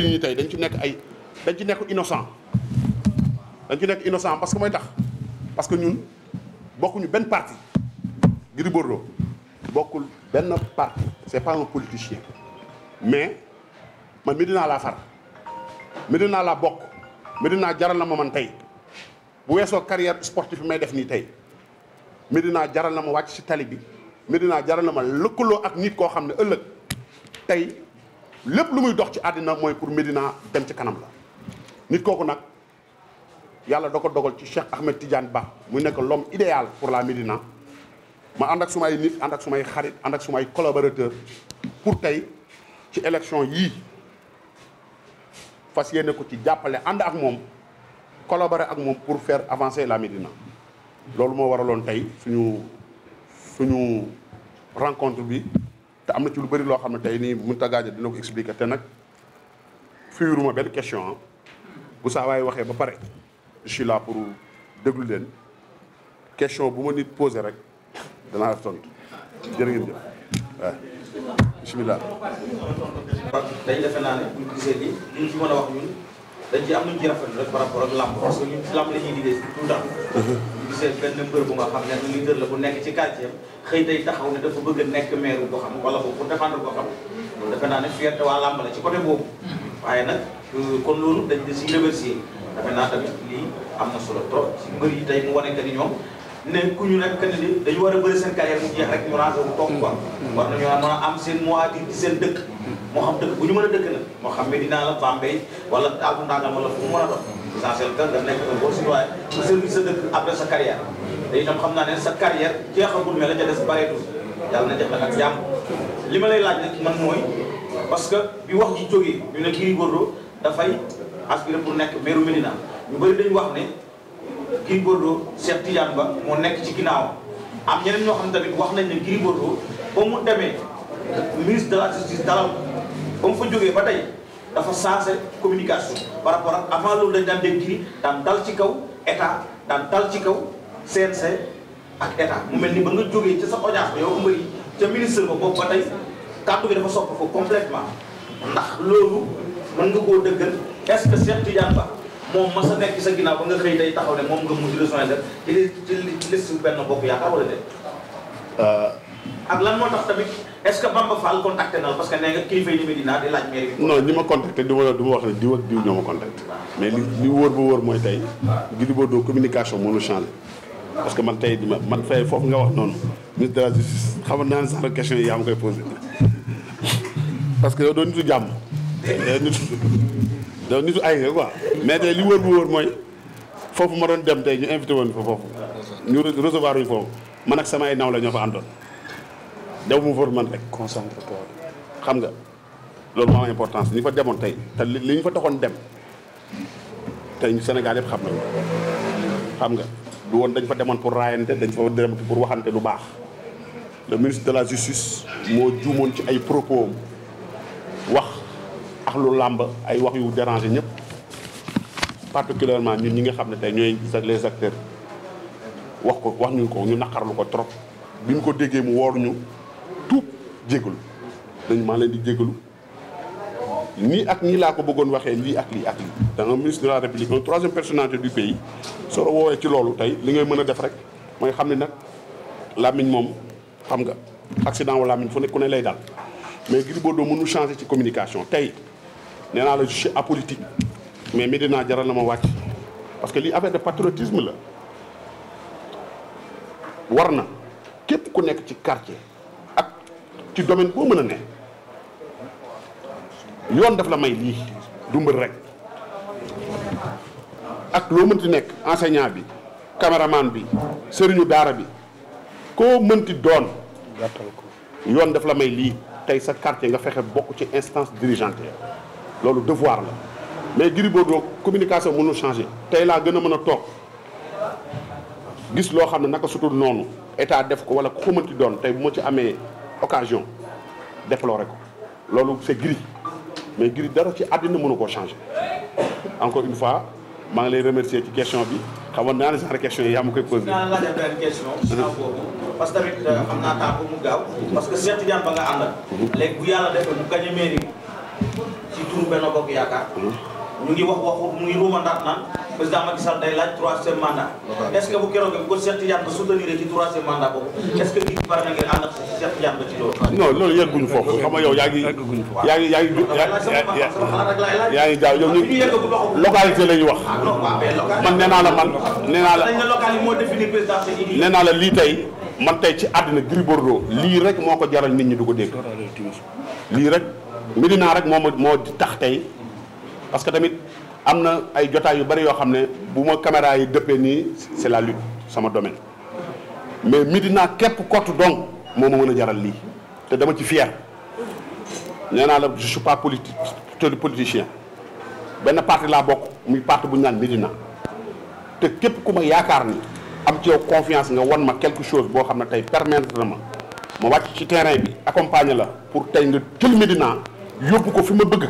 détenus tey dañ ci nekk ay dañ ci nekk innocent dañ ci nekk innocent parce que mooy tax parce que ñun bokkuñu benn parti Gris Bordeaux bokkul benn parti c'est pas un politicien mais man Médina laa far Médina laa bokk Médina jaral na ma man tey bu weesoo carrière sportive may def nii tey Médina jaral na ma wàcc ci tali bi Médina jaral na ma lëkkaloo ak nit koo xam ne ëllëg lépp lu muy dox ci àddina mooy pour Médina dem ci kanam la nit kooku nag yàlla da ko dogal ci Cheikh Ahmed Tidiane Ba mu nekk l'homme idéal pour la Médina ma ànd ak sumay nit ànd ak sumay xarit ànd ak sumay collaborateur pour tey ci élection yii fas yéene ko ci jàppale ànd ak moom collaborer ak moom pour fair avancer la Médina loolu moo waraloon tey suñu suñu rencontre bi am na ci lu bëri loo xam ne tey nii Mountaga Dia dina ko expliquer te nag fiiruma benn question ah. bu saa waay waxee ba pare je suis pour déglu leen question bu ma nit posé rek danaa tontu jërë ngeen jëf waaw bisimilah. gisee benn mbër bu nga xam ne leader la bu nekk ci quartier xëy day taxaw ne dafa bëgg a nekk maire boo xam wala boobu pour défendre boo xam loolu defe naa ne waa la ci côté boobu waaye nag euh, kon loolu da si remercier defe naa tamit lii am na solo trop si mbër yi tey mu wane que ni ñoom ne ku ñu nekk ni dañu war a bëri seen carrière mu jeex rek ñu rangé wu toog quoi war nañu mën a am seen mot à dire seen dëkk moo xam dëkk bu ñu man a dëkk nag moo xam Medina la Bambey wala Albu Ndàngal wala fu mu mën a doon l'essentiel que nga nekk un bon citoyen pour service sa dëkk après sa carrière te itam xam naa ne sa carrière jeexagul mais la ca des bareetul yàlla na def nag ak jàmm li ma lay laaj nag man mooy parce que bi wax ji jógee ñu ne Gris Bordeaux dafay aspiré bu nekk meeru Médina ñu bëri dañu wax ne Gris Bordeaux Cheikh Tidiane Ba moo nekk ci ginnaawam am ñeneen ñoo xam ne wax nañ ne Gris Bordeaux ba mu demee ministre de la dalaw ba fa jógee ba tey dafa sa communication par rapport ak avant loolu dañ daan dégg kii daan dal ci kaw état daan dal ci kaw CNC ak état mu mel ni ba nga jógee ca sa audience ba yow mbër yi ca ministre ba boobu ba tey kàddu gi dafa soppi ko complètement ndax loolu mën nga koo dëggal est-ce que Cheikh Tidiane Ba moom ma sa nekk sa ginnaaw ba nga xëy day taxaw ne moom nga mujj rejoindre ci li ci liste benn bokk yaakaar wala déet. Euh, ak lan moo tax tamit. est-ce que Bamba Fall contacté na la parce que nee nga kilifa yi Medina di laaj ma contacté du ma du wax ne diw ak diw ñoo ma contacté. mais li li wóor ba wóor mooy tey. Gris Bordeaux communication moo ñu changé. parce que man tey man tey foofu nga wax noonu. ministre de xam naa ne sax question yi yaa ma koy posé parce que yow doo nitu jàmm. doo nitu ay nga quoi. mais tey li wóor bu wóor mooy foofu ma doon dem tey ñu invité woon fa foofu. ñu recevoir ñu foofu man ak sama ay naw la ñoo fa àndoon. dew mu for man rek. concentré toi xam nga loolu moo am importance ñi fa demoon tey te li ñu fa daxoon dem tey Sénégal yëpp xam nañu xam nga du woon dañ fa demoon pour raayante dañ fa dem pour waxante lu baax le ministre de la justice moo juumoon ci ay propos wax ak lu làmb ay wax yu dérangé ñëpp particulièrement ñi ñi nga xam ne tey ñooy les acteurs wax ko wax ñu ko ñu naqarlu ko trop bi ñu ko déggee mu wooruñu jégalu dañ maa leen di jégalu nii ak nii laa ko bëggoon waxee lii ak lii ak lii da nga ministre de la république un troisième personnalité du pays soo woowee ci loolu tey li ngay mën a def rek mooy xam ne nag làmmiñ moom xam nga accident wala làmmiñ fu ne ku ne lay daal mais Gris Bordeaux mënu changer ci communication tey nee naa la je suis apolitique mais Médina jaral na ma wàcc parce que lii affaire de patriotisme la war na képp ku nekk ci quartier ci domaine boo mën a ne yoon daf la may lii du rek ak loo mënti nekk enseignant bi caméraman bi sëriñu daara bi koo mënti doon yoon daf la may lii tey sa quartier nga fexe bokk ci instance dirigeante loolu devoir la mais Gris Bordeaux communication mënul changer tey laa gën a mën a toog gis loo xam ne naka sutul noonu état def ko wala ko mënti doon tey bu ma ci amee occasion déploré ko loolu c'est gris mais gris dara ci àddina munu koo changer encore une fois maa ngi lay remercier ci question bi xamoon xam euh, naa temps mu gaaw. parce que Cheikh Tidiane ba nga àndal. Mhm. léegi bu yàlla defee bu gañe mairie ci turu benn bokk yaakaar. Mhm. ñu ngi wax waxu muy ruumandaat naan président Macky Sall day laaj troisième loolu. Ah, non foofu xam nga yow yaa ngi. yaa ngi yaa ngi. yaa ngi jaaw yow ñu. localité la ñu wax. Ah, man nee naa la man ah, nee naa la. naa lii tey man tey ci àddina Gris Bordeaux lii rek moo ko jaral nit ñi du ko dégg lii rek Medina rek moo ma moo tax tey parce que tamit am na ay jotaay yu bari yoo xam ne bu ma caméra yi dëppee nii c'est la lutte sama domaine mais Médina képp kott donc moo ma mën a jaral lii te dama ci fier nee naa la je suis pas politique politicien benn parti laa bokk muy parti bu ñu naan Médina te képp ku ma yaakaar ni am ci yow confiance nga wan ma quelque chose boo xam ne tey permettre na ma ma wàcc ci terrain bi accompagner la pour tey nga jël Médina yóbbu ko fi ma bëgg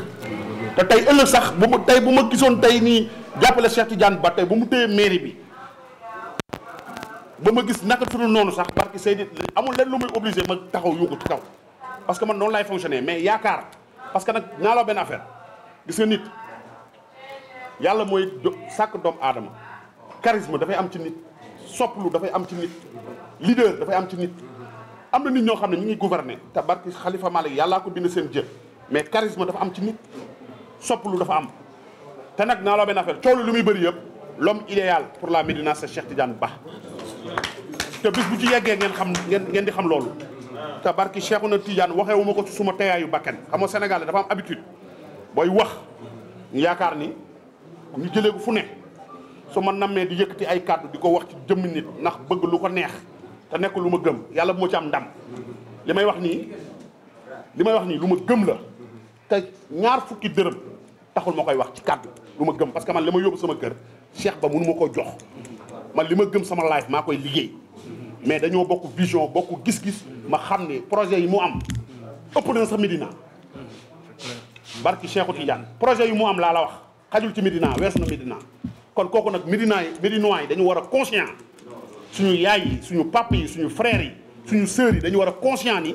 te tey ëllëg sax bu ma tey bu ma gisoon tey nii jàppale Cheikh Tidiane ba tey bu mu téye mairie bi ba ma gis naka sudul noonu sax parce que Seydi amul lenn lu muy obligé ma taxaw yuuxu ci kaw parce que man noonu laay fonctionner mais yaakaar parce que nag naa la benn affaire gis nga nit yàlla mooy sàkk doomu aadama charisme dafay am ci nit sopplu dafay am ci nit leader dafay am ci nit am na nit ñoo xam ne ñu ngi gouverner te barki xalifa Malik yàllaa ko bind seen jël mais charisme dafa am ci nit soppalu dafa am te nag naa la benn affaire coow lu muy bëri yëpp l'homme idéal pour la Médina c'est Cheikh Tidiane Ba te bis bu ci yeggee ngeen xam ngeen ngeen di xam loolu te barki Cheikhouna na waxee wu ma ko suma teyaayu bakken xam nga Sénégal dafa am habitude booy wax ñu yaakaar ni ñu jëlee ko fu ne su ma nammee di yëkkati ay kàddu di ko wax ci jëmmi nit ndax bëgg lu ko neex te nekk lu ma gëm yàlla bu ma ci am ndam li may wax nii li may wax nii lu ma gëm la te ñaar fukki dërëm taxul ma koy wax ci kàddu lu ma gëm parce que man li ma yóbbu sama kër Cheikh Ba mënu ma ko jox man li ma gëm sama life maa koy liggéey mais dañoo bokk vision bokk gis-gis ma xam ne projet yi mu am ëpp na sax Medina barki Cheikhou Tidiane projet yi mu am laa la wax xajul ci Medina weesu na Medina kon kooku nag Medina yi Medinois yi dañu war a conscient suñu yaay yi suñu papa yi suñu frères yi suñu sœurs yi dañu war a conscient ni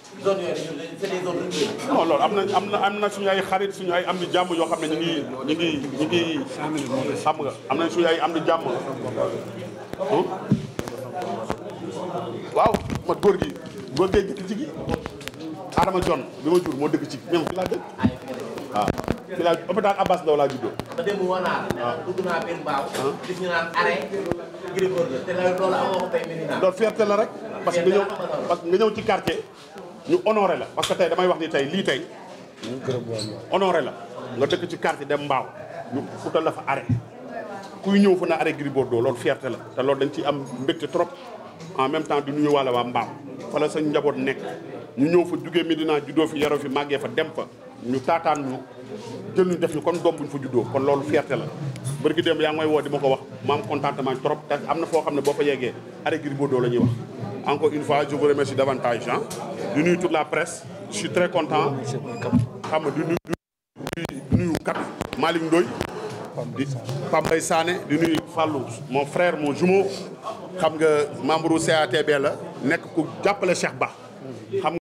zone yooyu loolu am na am na am na suñu ay xarit suñu ay am di jàmm yoo xam ne ñu ngi ñu ngi ñu ngi xam nga am na suñu ay am di jàmm. Hmm? waaw ma góor gi góor gee dëkk ci gi Adama John bi ma jur moo dëkk ci même fi laa dëkk waaw ah, fi laa hôpital Abbas Ndao laa juddoo. la. Ah. dugg naa benn baaw. Ah. gis ñu naan arrêt. loolu amoo ko la rek. parce que nga ñëw parce ci quartier. ñu honoré la parce que damay wax ni tey lii tey honoré la nga dëkk ci quartier dem mbaaw ñu futal la fa arrêt kuy ñëw fa na arrêt Gris doo loolu fierté la te loolu dañ ci am mbégte trop en même temps di nuyu wàlla waa mbaaw fa la njaboot nekk ñu ñëw fa jugee Medina juddoo fi yaroo màggee fa dem fa ñu taataan ñu jël ñu def ñu kon doom buñ fa juddoo kon loolu fierté la bërgi dem yaa ngi may woo di ma ko wax ma am contentement te am na foo xam ne boo fa yeggee arrêt Gris Bordeaux la wax Encore une fois, je vous remercie davantage. Hein. De nuit, toute la presse, je suis très content. xam nga di nuyu di nuyu kat Malick Ndoye di Pape Mbaye di nuyu Fallou mon frère mon jumeau xam nga membre CATB la nekk ku jàppale Cheikh Ba